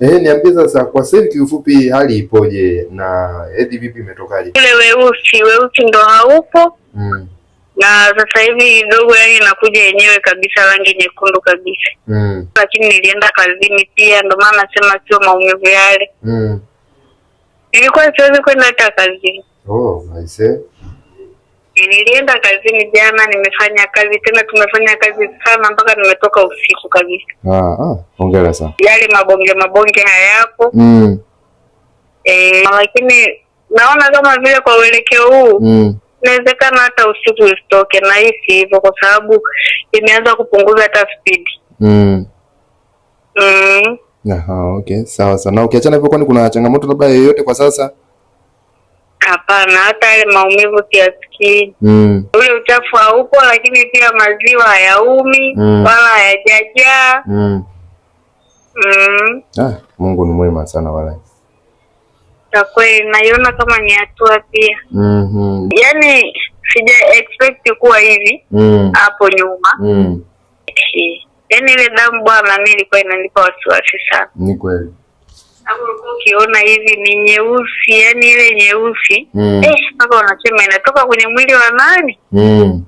Ehe, niambie sasa, kwa sasa kiufupi hali ipoje na hedhi vipi, imetokaje? Ule weusi weusi ndo haupo mm. na sasa hivi kidogo yani inakuja yenyewe kabisa, rangi nyekundu kabisa mm. lakini nilienda kazini pia, ndo maana nasema sio maumivu yale mm. nilikuwa siwezi kwenda hata kazini. Oh, I see. Eh. Nilienda kazini jana, nimefanya kazi tena, tumefanya kazi sana mpaka nimetoka usiku kabisa. Ah, ah, hongera sana. Yale mabonge mabonge hayapo mm. E, lakini naona kama vile kwa uelekeo huu mm. inawezekana hata usiku usitoke na hii si hivyo, kwa sababu imeanza kupunguza hata speed mm. mm. Aha, okay, sawa sana. ukiachana hivyo, kwani kuna changamoto labda yoyote kwa sasa? Hapana, hata maumivu kiasi mm. Ule uchafu haupo, lakini pia maziwa hayaumi mm. wala hayajajaa mm. mm. Ah, Mungu ni mwema sana wala kwa kweli naiona kama ni hatua pia mm -hmm. Yani sija expect kuwa hivi mm. hapo mm. nyuma mm. Eh, yaani ile damu bwana, mi ilikuwa inanipa wasiwasi sana, ni kweli hapo ulikuwa ukiona hivi ni nyeusi, yani ile nyeusi mm. eh, mpaka wanasema inatoka kwenye mwili wa nani? mm.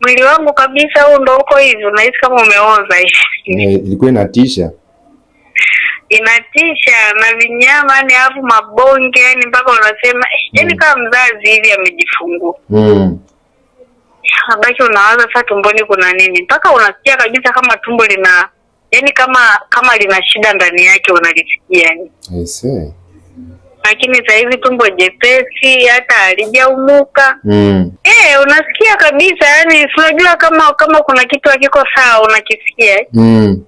mwili wangu kabisa, huu ndo uko hivyo, nahisi kama umeoza Ilikuwa inatisha inatisha na vinyama yani, alafu mabonge yani, mpaka unasema eh, yani mm. kama mzazi hivi amejifungua mm. abaki, unawaza saa tumboni kuna nini, mpaka unasikia kabisa kama tumbo lina yani kama kama lina shida ndani yake unalisikia, lakini sasa hivi tumbo jepesi, hata alijaumuka mm. E, unasikia kabisa, yani sinajua kama kama kuna kitu hakiko sawa unakisikia mm.